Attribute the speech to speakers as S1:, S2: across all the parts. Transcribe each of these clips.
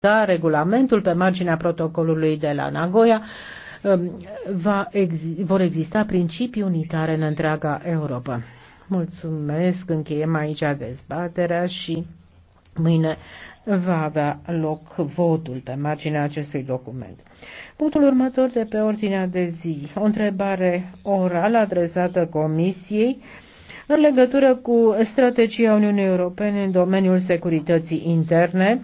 S1: da regulamentul pe marginea protocolului de la Nagoya, um, va exi- vor exista principii unitare în întreaga Europa. Mulțumesc, încheiem aici dezbaterea și mâine va avea loc votul pe marginea acestui document. Punctul următor de pe ordinea de zi, o întrebare orală adresată Comisiei în legătură cu strategia Uniunii Europene în domeniul securității interne,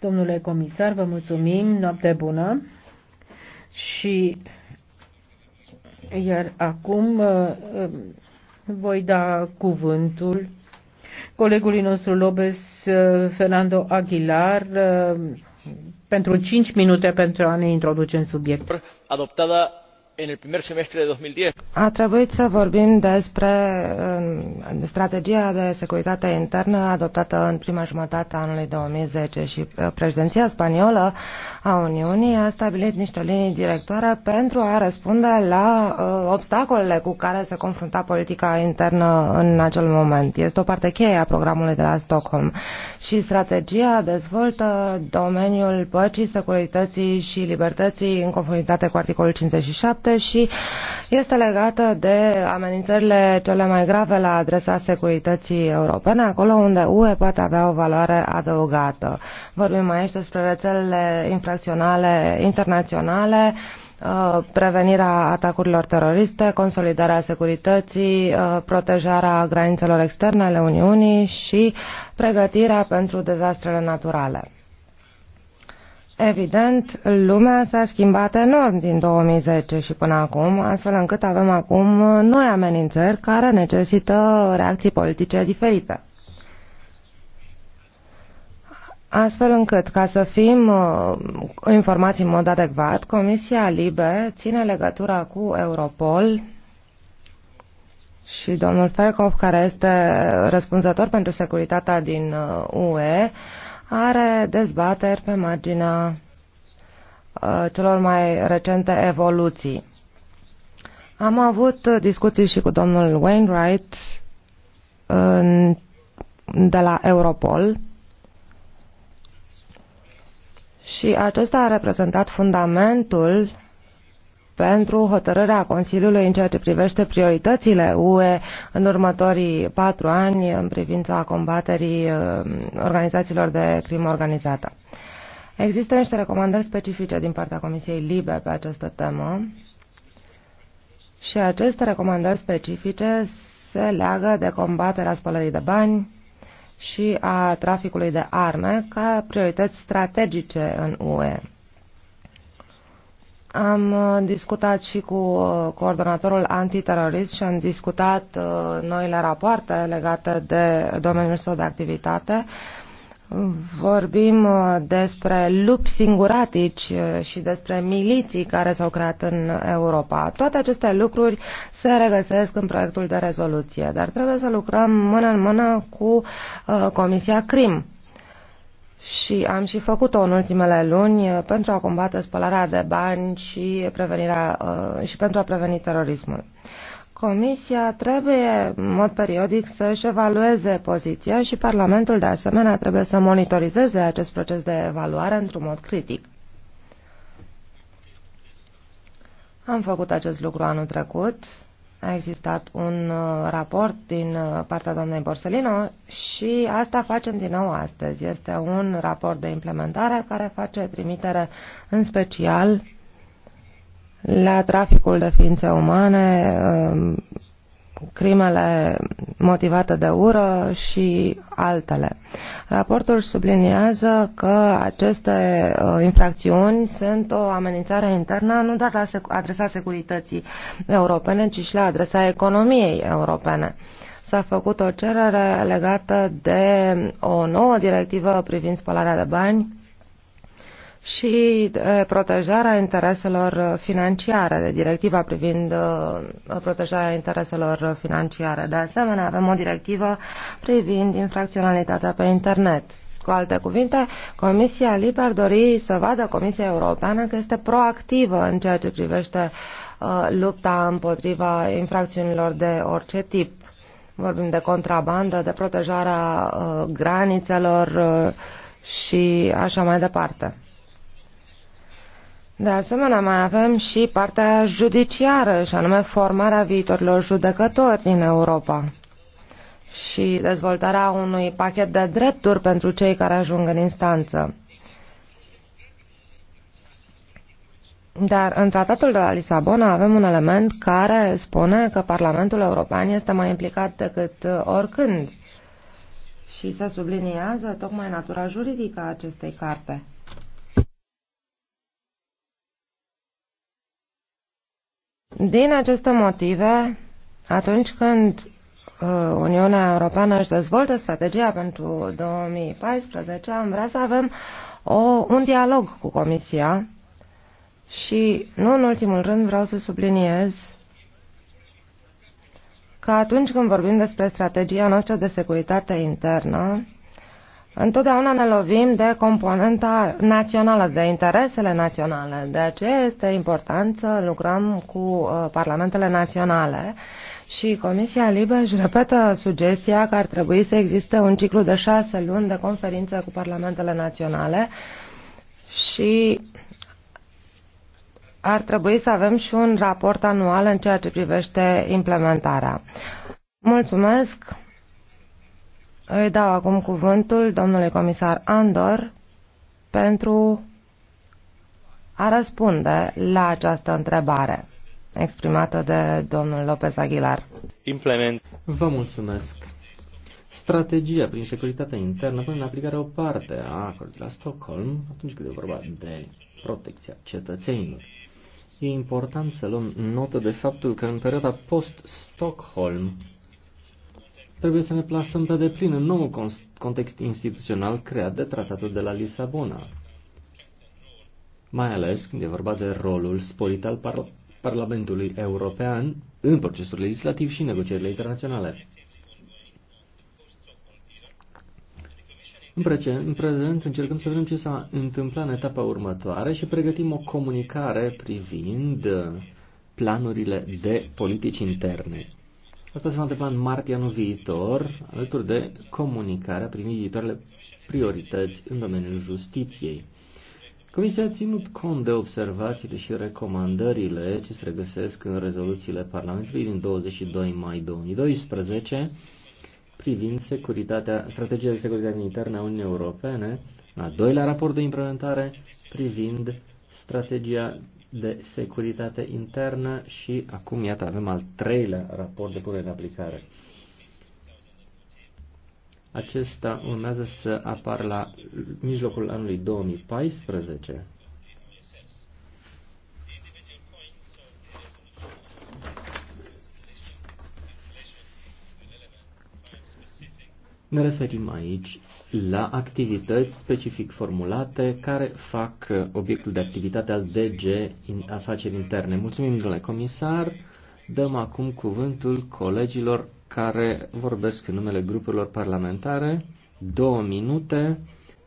S1: Domnule comisar, vă mulțumim, noapte bună și iar acum uh, uh, voi da cuvântul colegului nostru Lobes uh, Fernando Aguilar pentru 5 minute pentru a ne introduce în subiect.
S2: Adoptada
S3: a trebuit să vorbim despre strategia de securitate internă adoptată în prima jumătate a anului 2010 și uh, președinția spaniolă a Uniunii a stabilit niște linii directoare pentru a răspunde la uh, obstacolele cu care se confrunta politica internă în acel moment. Este o parte cheie a programului de la Stockholm și strategia dezvoltă domeniul păcii, securității și libertății în conformitate cu articolul 57 parte și este legată de amenințările cele mai grave la adresa securității europene, acolo unde UE poate avea o valoare adăugată. Vorbim aici despre rețelele infracționale internaționale, uh, prevenirea atacurilor teroriste, consolidarea securității, uh, protejarea granițelor externe ale Uniunii și pregătirea pentru dezastrele naturale. Evident, lumea s-a schimbat enorm din 2010 și până acum, astfel încât avem acum uh, noi amenințări care necesită reacții politice diferite. Astfel încât, ca să fim uh, informați în mod adecvat, Comisia Libe ține legătura cu Europol și domnul Ferkov, care este răspunzător pentru securitatea din UE, uh, are dezbateri pe marginea uh, celor mai recente evoluții. Am avut discuții și cu domnul Wainwright de la Europol și acesta a reprezentat fundamentul pentru hotărârea Consiliului în ceea ce privește prioritățile UE în următorii patru ani în privința combaterii uh, organizațiilor de crimă organizată. Există niște recomandări specifice din partea Comisiei Libe pe această temă și aceste recomandări specifice se leagă de combaterea spălării de bani și a traficului de arme ca priorități strategice în UE. Am uh, discutat și cu uh, coordonatorul antiterorist și am discutat uh, noile rapoarte legate de domeniul său de activitate. Vorbim despre lupi singuratici și despre miliții care s-au creat în Europa. Toate aceste lucruri se regăsesc în proiectul de rezoluție, dar trebuie să lucrăm mână în mână cu Comisia CRIM și am și făcut-o în ultimele luni uh, pentru a combate spălarea de bani și, prevenirea, uh, și pentru a preveni terorismul. Comisia trebuie în mod periodic să-și evalueze poziția și Parlamentul de asemenea trebuie să monitorizeze acest proces de evaluare într-un mod critic. Am făcut acest lucru anul trecut a existat un uh, raport din uh, partea doamnei Borsellino și asta facem din nou astăzi. Este un raport de implementare care face trimitere în special la traficul de ființe umane um, crimele motivate de ură și altele. Raportul subliniază că aceste uh, infracțiuni sunt o amenințare internă nu doar la adresa securității europene, ci și la adresa economiei europene s-a făcut o cerere legată de o nouă directivă privind spălarea de bani și protejarea intereselor financiare, de directiva privind protejarea intereselor financiare. De asemenea, avem o directivă privind infracționalitatea pe internet. Cu alte cuvinte, Comisia Liber dori să vadă Comisia Europeană că este proactivă în ceea ce privește lupta împotriva infracțiunilor de orice tip. Vorbim de contrabandă, de protejarea granițelor și așa mai departe. De asemenea, mai avem și partea judiciară, și anume formarea viitorilor judecători din Europa și dezvoltarea unui pachet de drepturi pentru cei care ajung în instanță. Dar în tratatul de la Lisabona avem un element care spune că Parlamentul European este mai implicat decât oricând și se subliniază tocmai natura juridică a acestei carte. Din aceste motive, atunci când uh, Uniunea Europeană își dezvoltă strategia pentru 2014, am vrea să avem o, un dialog cu Comisia și, nu în ultimul rând, vreau să subliniez că atunci când vorbim despre strategia noastră de securitate internă, Întotdeauna ne lovim de componenta națională, de interesele naționale. De aceea este important să lucrăm cu uh, parlamentele naționale și Comisia Libe își repetă sugestia că ar trebui să existe un ciclu de șase luni de conferință cu parlamentele naționale și ar trebui să avem și un raport anual în ceea ce privește implementarea. Mulțumesc! Îi dau acum cuvântul domnului comisar Andor pentru a răspunde la această întrebare exprimată de domnul Lopez Aguilar.
S2: Implement. Vă mulțumesc.
S3: Strategia
S2: prin securitatea internă pune în aplicare o parte a acordului la Stockholm atunci când e vorba de protecția cetățenilor. E important să luăm notă de faptul că în perioada post-Stockholm trebuie să ne plasăm pe deplin în nou context instituțional creat de tratatul de la Lisabona, mai ales când e vorba de rolul sporit al par Parlamentului European în procesul legislativ și negocierile internaționale. În, prezent, în prezent încercăm să vedem ce s-a întâmplat în etapa următoare și pregătim o comunicare privind uh, planurile de politici interne. Asta se va întâmpla în martie anul viitor, alături de comunicarea privind viitoarele priorități în domeniul justiției. Comisia a ținut cont de observațiile și recomandările ce se regăsesc în rezoluțiile Parlamentului din 22 mai 2012 privind securitatea, strategia de securitate internă a Uniunii Europene, a doilea raport de implementare privind strategia de securitate internă și acum, iată, avem al treilea raport de punere în aplicare. Acesta urmează să apară la mijlocul anului 2014. Ne referim aici la activități specific formulate care fac uh, obiectul de activitate al DG în afaceri interne. Mulțumim, domnule comisar. Dăm acum cuvântul colegilor care vorbesc în numele grupurilor parlamentare. Două minute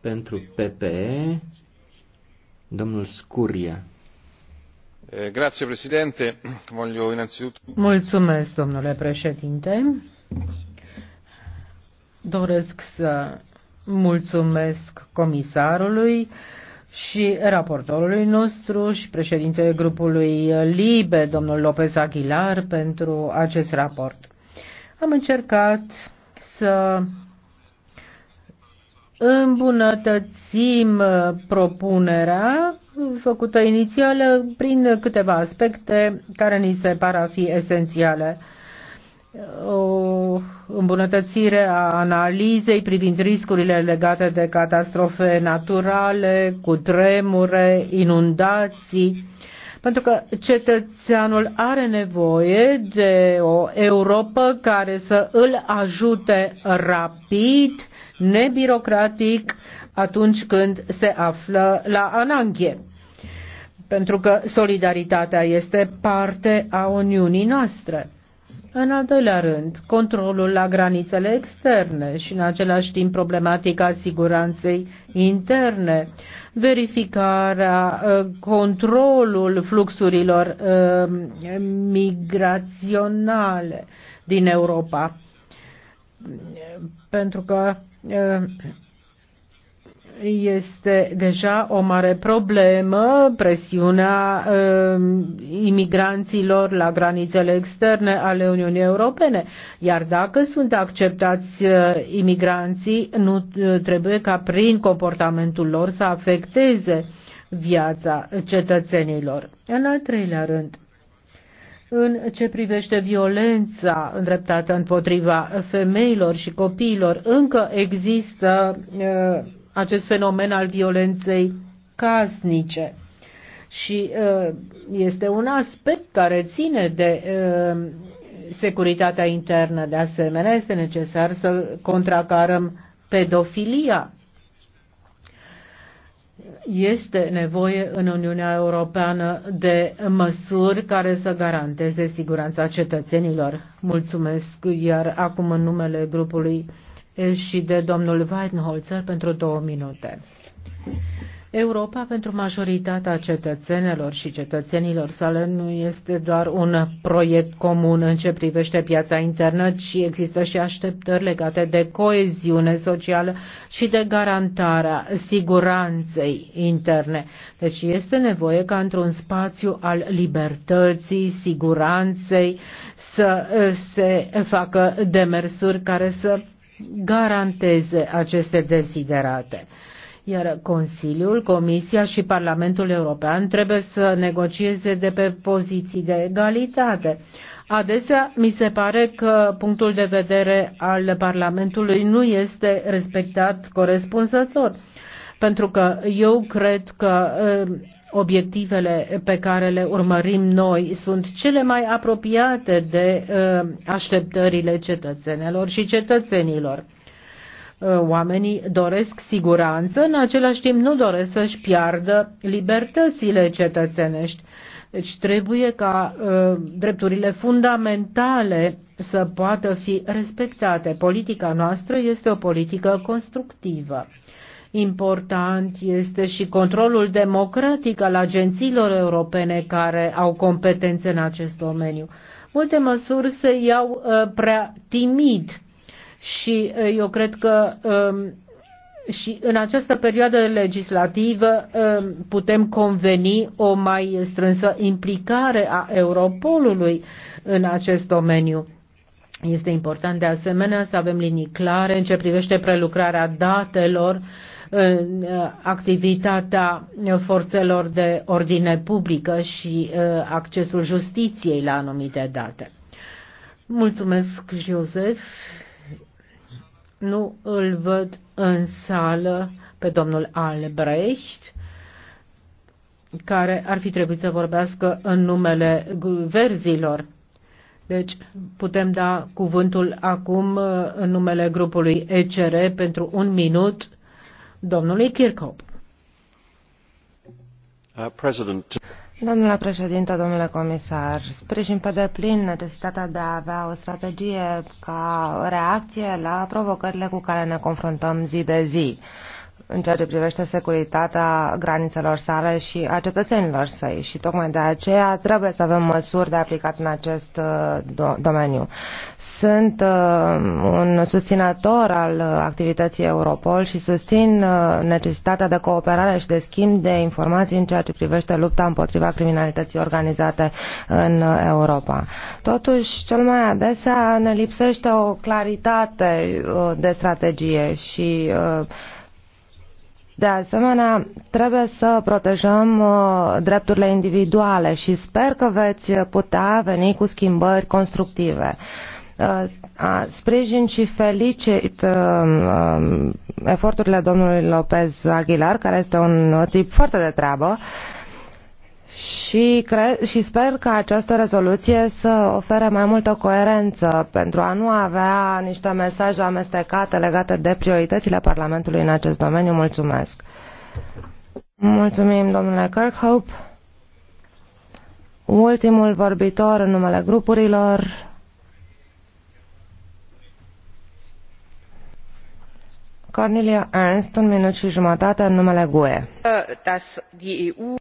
S2: pentru PPE. Domnul Scurie.
S3: Eh, grazie, președinte. Voglio innanzitutto...
S1: Mulțumesc, domnule președinte. Doresc să Mulțumesc comisarului și raportorului nostru și președintele grupului LIBE, domnul Lopez Aguilar, pentru acest raport. Am încercat să îmbunătățim propunerea făcută inițială prin câteva aspecte care ni se par a fi esențiale o îmbunătățire a analizei privind riscurile legate de catastrofe naturale, cu tremure, inundații, pentru că cetățeanul are nevoie de o Europa care să îl ajute rapid, nebirocratic, atunci când se află la ananghie. Pentru că solidaritatea este parte a Uniunii noastre în al doilea rând, controlul la granițele externe și în același timp problematica siguranței interne, verificarea, ă, controlul fluxurilor ă, migraționale din Europa. Pentru că ă, este deja o mare problemă presiunea uh, imigranților la granițele externe ale Uniunii Europene. Iar dacă sunt acceptați uh, imigranții, nu uh, trebuie ca prin comportamentul lor să afecteze viața cetățenilor. În al treilea rând, în ce privește violența îndreptată împotriva femeilor și copiilor, încă există uh, acest fenomen al violenței casnice. Și uh, este un aspect care ține de uh, securitatea internă. De asemenea, este necesar să contracarăm pedofilia. Este nevoie în Uniunea Europeană de măsuri care să garanteze siguranța cetățenilor. Mulțumesc, iar acum în numele grupului și de domnul Weidenholzer pentru două minute. Europa pentru majoritatea cetățenilor și cetățenilor sale nu este doar un proiect comun în ce privește piața internă, ci există și așteptări legate de coeziune socială și de garantarea siguranței interne. Deci este nevoie ca într-un spațiu al libertății, siguranței, să se facă demersuri care să garanteze aceste desiderate. Iar Consiliul, Comisia și Parlamentul European trebuie să negocieze de pe poziții de egalitate. Adesea mi se pare că punctul de vedere al Parlamentului nu este respectat corespunzător. Pentru că eu cred că obiectivele pe care le urmărim noi sunt cele mai apropiate de uh, așteptările cetățenilor și cetățenilor. Uh, oamenii doresc siguranță, în același timp nu doresc să-și piardă libertățile cetățenești. Deci trebuie ca uh, drepturile fundamentale să poată fi respectate. Politica noastră este o politică constructivă. Important este și controlul democratic al agențiilor europene care au competențe în acest domeniu. Multe măsuri se iau uh, prea timid și uh, eu cred că uh, și în această perioadă legislativă um, putem conveni o mai strânsă implicare a Europolului în acest domeniu. Este important de asemenea să avem linii clare în ce privește prelucrarea datelor în uh, activitatea forțelor de ordine publică și uh, accesul justiției la anumite date. Mulțumesc, Joseph. Nu îl văd în sală pe domnul Albrecht, care ar fi trebuit să vorbească în numele verzilor. Deci putem da cuvântul acum uh, în numele grupului ECR pentru un minut domnului
S3: Kirchhoff. Uh, domnule președinte, domnule comisar, sprijin pe deplin necesitatea de a avea o strategie ca reacție la provocările cu care ne confruntăm zi de zi în ceea ce privește securitatea granițelor sale și a cetățenilor săi și tocmai de aceea trebuie să avem măsuri de aplicat în acest uh, domeniu. Sunt uh, un susținător al activității Europol și susțin uh, necesitatea de cooperare și de schimb de informații în ceea ce privește lupta împotriva criminalității organizate în Europa. Totuși, cel mai adesea ne lipsește o claritate de strategie și uh, de asemenea, trebuie să protejăm uh, drepturile individuale și sper că veți putea veni cu schimbări constructive uh, sprijin și felicit uh, um, eforturile domnului Lopez Aguilar, care este un tip foarte de treabă și, cre- și sper că această rezoluție să ofere mai multă coerență pentru a nu avea niște mesaje amestecate legate de prioritățile Parlamentului în acest domeniu. Mulțumesc! Mulțumim, domnule Kirkhope. Ultimul vorbitor în numele grupurilor. Cornelia Ernst, un minut și jumătate în numele GUE. Uh,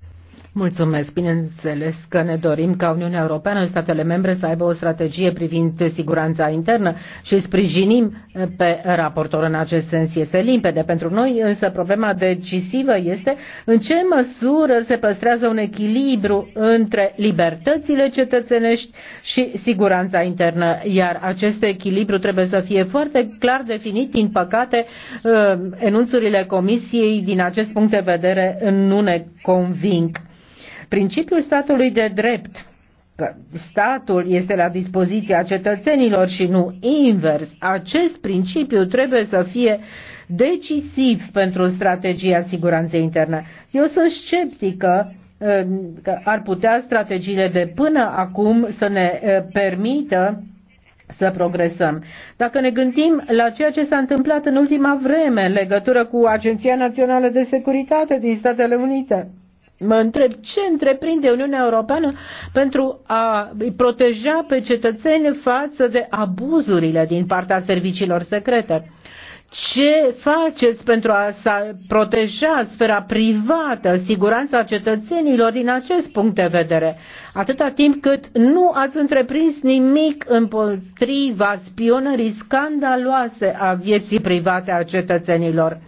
S3: Mulțumesc. Bineînțeles
S1: că ne dorim ca Uniunea Europeană și statele membre să aibă o strategie privind siguranța internă și sprijinim pe raportor în acest sens. Este limpede pentru noi, însă problema decisivă este în ce măsură se păstrează un echilibru între libertățile cetățenești și siguranța internă. Iar acest echilibru trebuie să fie foarte clar definit. Din păcate, uh, enunțurile Comisiei din acest punct de vedere nu ne convinc. Principiul statului de drept că statul este la dispoziția cetățenilor și nu invers. Acest principiu trebuie să fie decisiv pentru strategia siguranței interne. Eu sunt sceptică uh, că ar putea strategiile de până acum să ne uh, permită să progresăm. Dacă ne gândim la ceea ce s-a întâmplat în ultima vreme în legătură cu Agenția Națională de Securitate din Statele Unite, Mă întreb ce întreprinde Uniunea Europeană pentru a proteja pe cetățeni față de abuzurile din partea serviciilor secrete. Ce faceți pentru a proteja sfera privată, siguranța cetățenilor din acest punct de vedere? Atâta timp cât nu ați întreprins nimic împotriva spionării scandaloase a vieții private a cetățenilor.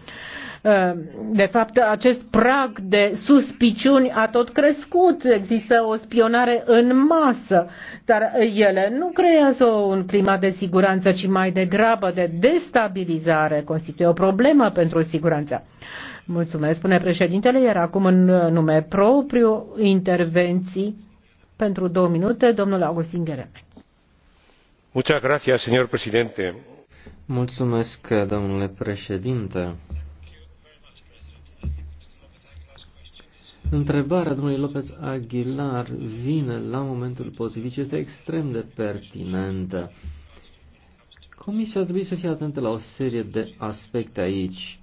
S1: Uh, de fapt, acest prag de suspiciuni a tot crescut. Există o spionare în masă, dar ele nu creează un climat de siguranță, ci mai degrabă de destabilizare. Constituie o problemă pentru siguranța. Mulțumesc, spune președintele, iar acum în nume propriu intervenții pentru două minute, domnul Augustin Gheremec.
S3: Muchas gracias, señor presidente.
S2: Mulțumesc, domnule președinte. Întrebarea domnului Lopez Aguilar vine la momentul potrivit și este extrem de pertinentă. Comisia ar trebui să fie atentă la o serie de aspecte aici.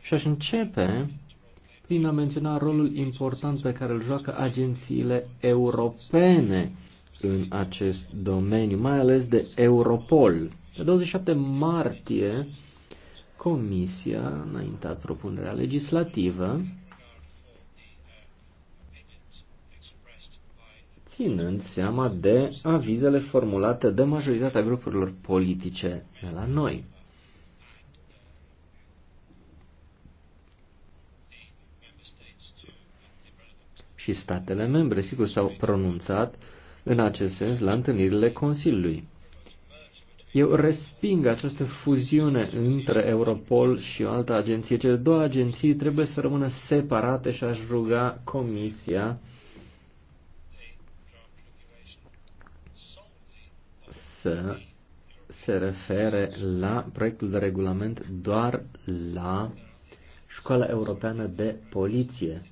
S2: Și aș începe prin a menționa rolul important pe care îl joacă agențiile europene în acest domeniu, mai ales de Europol. Pe 27 martie, Comisia a înaintat propunerea legislativă ținând seama de avizele formulate de majoritatea grupurilor politice de la noi. Și statele membre, sigur, s-au pronunțat în acest sens la întâlnirile Consiliului. Eu resping această fuziune între Europol și o altă agenție. Cele două agenții trebuie să rămână separate și aș ruga Comisia să se refere la proiectul de regulament doar la Școala Europeană de Poliție.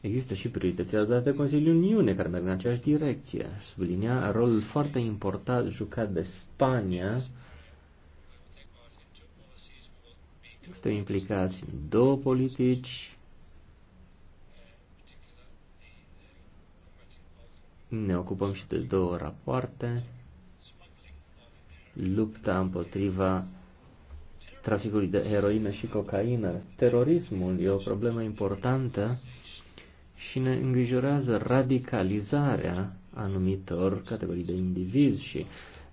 S2: Există și prioritățile date de Consiliul Uniune care merg în aceeași direcție. Sublinia rolul foarte important jucat de Spania suntem implicați în două politici Ne ocupăm și de două rapoarte. Lupta împotriva traficului de heroină și cocaină. Terorismul e o problemă importantă și ne îngrijorează radicalizarea anumitor categorii de indivizi și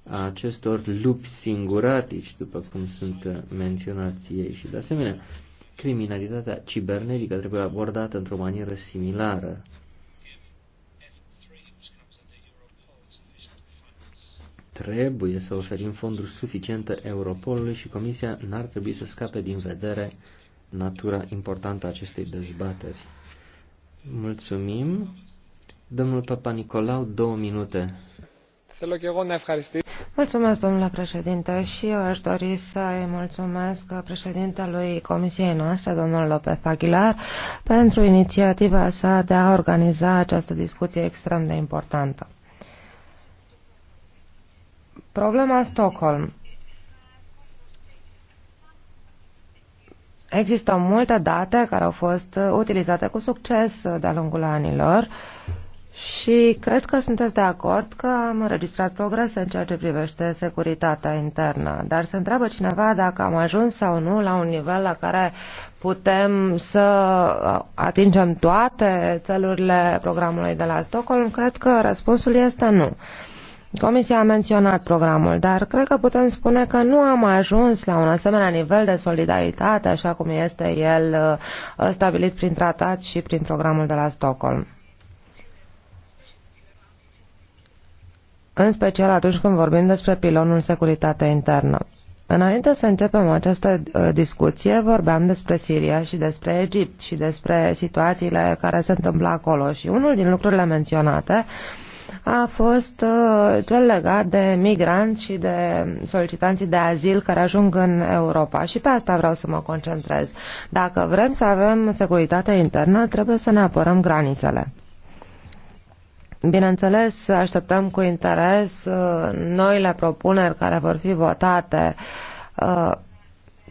S2: a acestor lupi singuratici, după cum sunt menționați ei. Și de asemenea, criminalitatea cibernetică trebuie abordată într-o manieră similară. Trebuie să oferim fonduri suficiente Europolului și Comisia n-ar trebui să scape din vedere natura importantă a acestei dezbateri. Mulțumim. Domnul Papa Nicolau, două minute.
S3: Mulțumesc, domnule președinte, și eu aș dori să-i mulțumesc președintelui Comisiei noastre, domnul López Aguilar, pentru inițiativa sa de a organiza această discuție extrem de importantă. Problema Stockholm. Există multe date care au fost uh, utilizate cu succes uh, de-a lungul anilor și cred că sunteți de acord că am înregistrat progrese în ceea ce privește securitatea internă. Dar se întreabă cineva dacă am ajuns sau nu la un nivel la care putem să uh, atingem toate țelurile programului de la Stockholm. Cred că răspunsul este nu. Uh, Comisia a menționat programul, dar cred că putem spune că nu am ajuns la un asemenea nivel de solidaritate, așa cum este el uh, stabilit prin tratat și prin programul de la Stockholm. În special atunci când vorbim despre pilonul securitate internă. Înainte să începem această uh, discuție, vorbeam despre Siria și despre Egipt și despre situațiile care se întâmplă acolo și unul din lucrurile menționate uh, a fost uh, cel legat de migranți și de solicitanții de azil care ajung în Europa și pe asta vreau să mă concentrez. Dacă vrem să avem securitate internă, trebuie să ne apărăm granițele. Bineînțeles, așteptăm cu interes uh, noile propuneri care vor fi votate uh,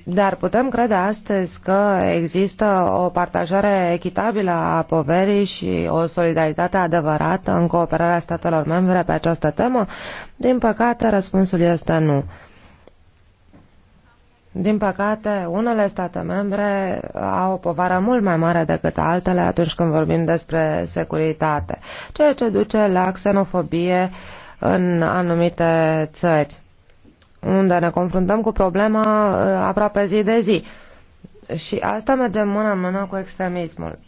S3: dar putem crede astăzi că există o partajare echitabilă a poverii și o solidaritate adevărată în cooperarea statelor membre pe această temă? Din păcate, răspunsul este nu. Din păcate, unele state membre au o povară mult mai mare decât altele atunci când vorbim despre securitate, ceea ce duce la xenofobie în anumite țări unde ne confruntăm cu problema uh, aproape zi de zi. Și asta merge mână în mână cu extremismul.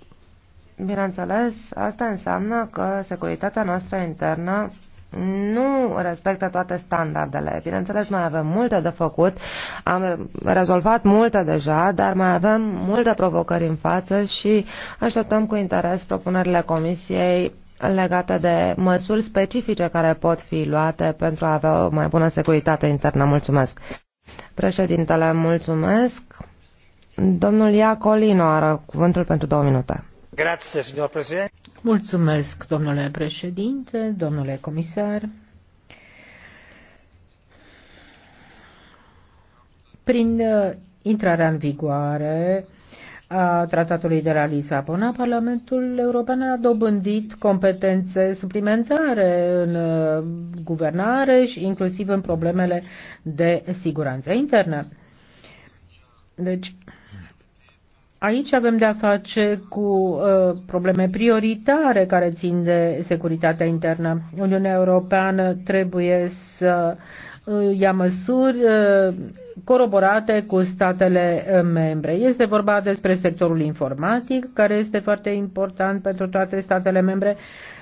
S3: Bineînțeles, asta înseamnă că securitatea noastră internă nu respectă toate standardele. Bineînțeles, mai avem multe de făcut, am rezolvat multe deja, dar mai avem multe provocări în față și așteptăm cu interes propunerile Comisiei legate de măsuri specifice care pot fi luate pentru a avea o mai bună securitate internă. Mulțumesc. Președintele, mulțumesc. Domnul Iacolino are cuvântul pentru două minute. Grazie, signor președinte. Mulțumesc, domnule președinte, domnule comisar.
S1: Prin uh, intrarea în vigoare a tratatului de la Lisabona, Parlamentul European a dobândit competențe suplimentare în uh, guvernare și inclusiv în problemele de siguranță internă. Deci, aici avem de-a face cu uh, probleme prioritare care țin de securitatea internă. Uniunea Europeană trebuie să uh, ia măsuri uh, coroborate cu statele eh, membre. Este vorba despre sectorul informatic, care este foarte important pentru toate statele membre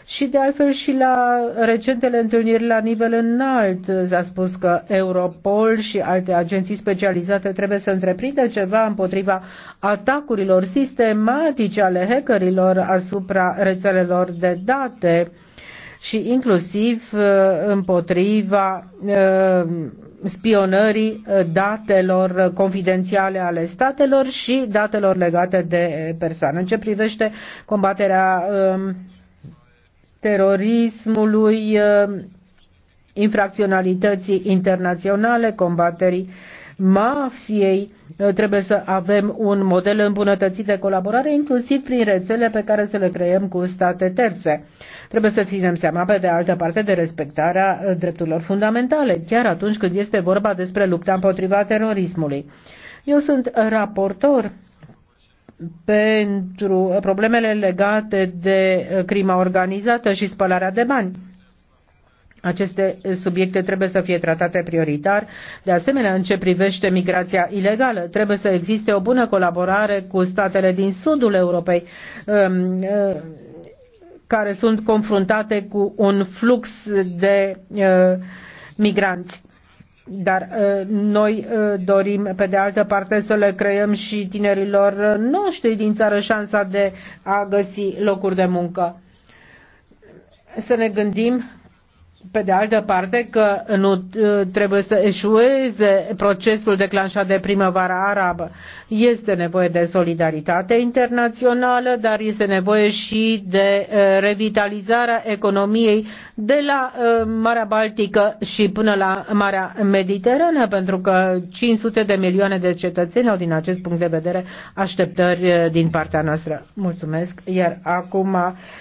S1: și de altfel și la recentele întâlniri la nivel înalt s-a spus că Europol și alte agenții specializate trebuie să întreprindă ceva împotriva atacurilor sistematice ale hackerilor asupra rețelelor de date și inclusiv eh, împotriva eh, spionării eh, datelor eh, confidențiale ale statelor și datelor legate de eh, persoane. În ce privește combaterea ehm, terorismului, ehm, infracționalității internaționale, combaterii mafiei, uh, trebuie să avem un model îmbunătățit de colaborare, inclusiv prin rețele pe care să le creăm cu state terțe. Trebuie să ținem seama, pe de altă parte, de respectarea uh, drepturilor fundamentale, chiar atunci când este vorba despre lupta împotriva terorismului. Eu sunt raportor pentru problemele legate de uh, crima organizată și spălarea de bani. Aceste eh, subiecte trebuie să fie tratate prioritar. De asemenea, în ce privește migrația ilegală, trebuie să existe o bună colaborare cu statele din sudul Europei um, uh, care sunt confruntate cu un flux de uh, migranți. Dar uh, noi dorim, pe de altă parte, să le creăm și tinerilor noștri din țară șansa de a găsi locuri de muncă. Să ne gândim pe de altă parte că nu ă, trebuie să eșueze procesul declanșat de primăvara arabă. Este nevoie de solidaritate internațională, dar este nevoie și de ă, revitalizarea economiei de la ă, Marea Baltică și până la Marea Mediterană, pentru că 500 de milioane de cetățeni au din acest punct de vedere așteptări din partea noastră. Mulțumesc. Iar acum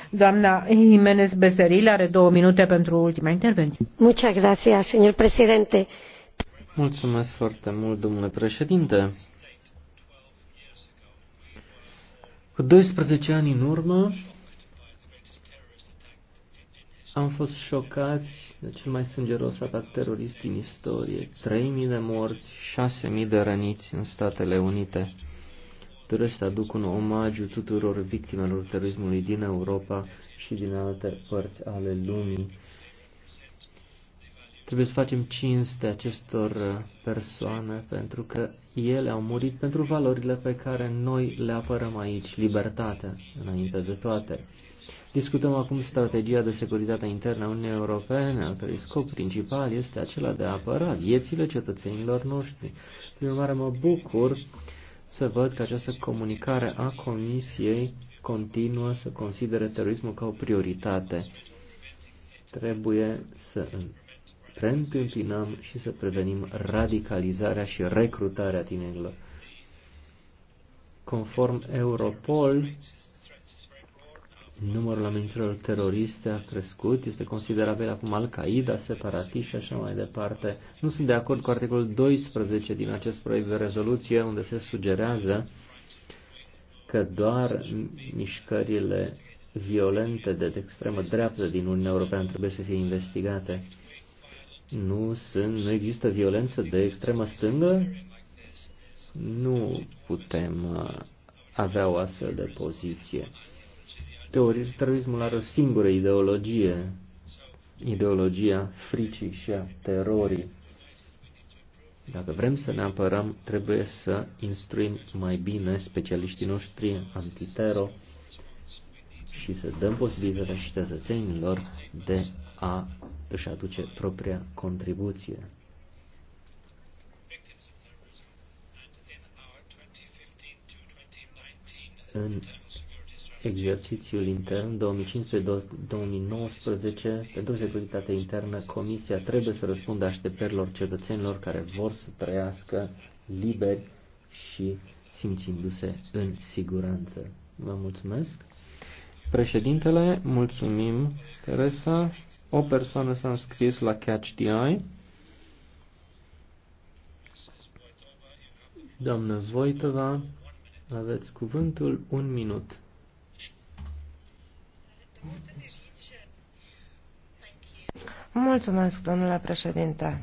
S1: doamna Jimenez Beseril are două minute pentru ultima
S2: Mulțumesc foarte mult, domnule președinte. Cu 12 ani în urmă am fost șocați de cel mai sângeros atac terorist din istorie. 3.000 de morți, 6.000 de răniți în Statele Unite. Doresc să aduc un omagiu tuturor victimelor terorismului din Europa și din alte părți ale lumii. Trebuie să facem cinste acestor uh, persoane pentru că ele au murit pentru valorile pe care noi le apărăm aici, libertatea înainte de toate. Discutăm acum strategia de securitate internă a Uniunii Europene, al cărui scop principal este acela de a apăra viețile cetățenilor noștri. Prin urmare, mă bucur să văd că această comunicare a Comisiei continuă să considere terorismul ca o prioritate. Trebuie să reîntâmpinăm și să prevenim radicalizarea și recrutarea tinerilor. Conform Europol, numărul amenințărilor teroriste a crescut, este considerabil acum Al-Qaeda, separatiști și așa mai departe. Nu sunt de acord cu articolul 12 din acest proiect de rezoluție, unde se sugerează că doar mișcările violente de extremă dreaptă din Uniunea Europeană trebuie să fie investigate. Nu, sunt, nu există violență de extremă stângă? Nu putem uh, avea o astfel de poziție. Teorii, terorismul are o singură ideologie, ideologia fricii și a terorii. Dacă vrem să ne apărăm, trebuie să instruim mai bine specialiștii noștri antitero și să dăm posibilitatea și cetățenilor de a își aduce propria contribuție. În exercițiul intern 2015-2019, pe securitate internă, Comisia trebuie să răspundă așteptărilor cetățenilor care vor să trăiască liberi și simțindu-se în siguranță. Vă mulțumesc. Președintele, mulțumim, Teresa. O persoană s-a înscris la Catch the Eye. Doamnă Voitova, aveți cuvântul un minut.
S3: Mulțumesc, domnule președinte.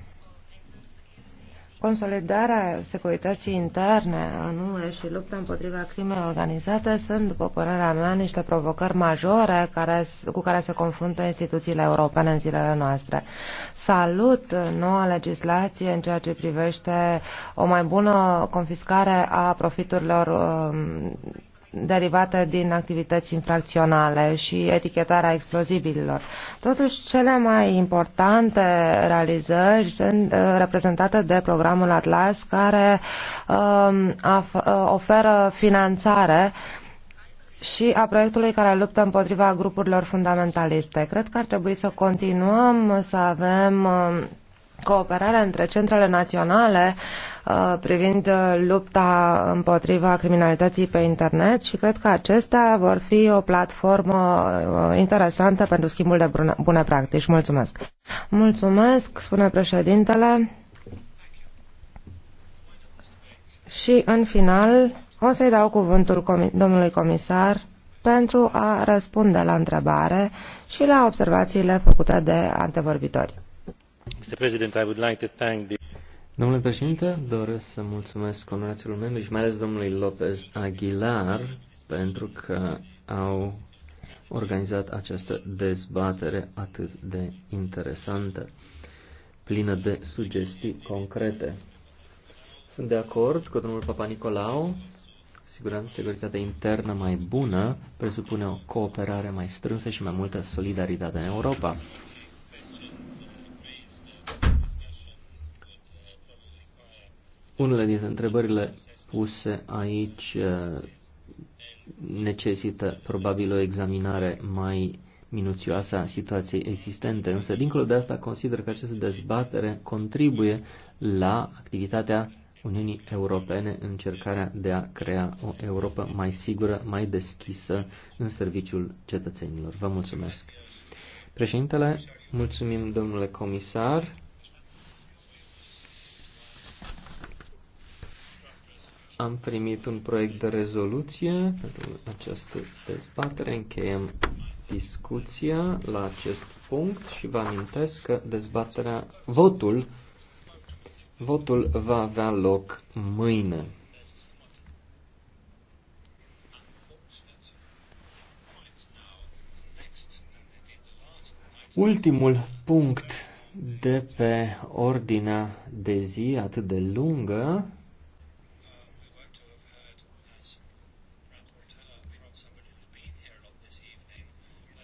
S3: Consolidarea securității interne în UE și lupta împotriva crimei organizate sunt, după părerea mea, niște provocări majore care, cu care se confruntă instituțiile europene în zilele noastre. Salut noua legislație în ceea ce privește o mai bună confiscare a profiturilor um, derivate din activități infracționale și etichetarea explozibililor. Totuși, cele mai importante realizări sunt uh, reprezentate de programul Atlas, care um, uh, oferă finanțare și a proiectului care luptă împotriva grupurilor fundamentaliste. Cred că ar trebui să continuăm să avem um, cooperarea între centrele naționale uh, privind uh, lupta împotriva criminalității pe internet și cred că acestea vor fi o platformă uh, interesantă pentru schimbul de bune practici. Mulțumesc! Mulțumesc, spune președintele. Și în final o să-i dau cuvântul domnului comisar pentru a răspunde la întrebare și la observațiile făcute de antevorbitori.
S2: Domnule președinte, doresc să mulțumesc onorațiilor membri și mai ales domnului Lopez Aguilar pentru că au organizat această dezbatere atât de interesantă, plină de sugestii concrete. Sunt de acord cu domnul Papa Nicolau. Siguranță, securitatea internă mai bună presupune o cooperare mai strânsă și mai multă solidaritate în Europa. Unele dintre întrebările puse aici eh, necesită probabil o examinare mai minuțioasă a situației existente, însă dincolo de asta consider că această dezbatere contribuie la activitatea Uniunii Europene în încercarea de a crea o Europa mai sigură, mai deschisă în serviciul cetățenilor. Vă mulțumesc. Președintele, mulțumim domnule comisar. Am primit un proiect de rezoluție pentru această dezbatere. Încheiem discuția la acest punct și vă amintesc că dezbaterea, votul, votul va avea loc mâine. Ultimul punct de pe ordinea de zi atât de lungă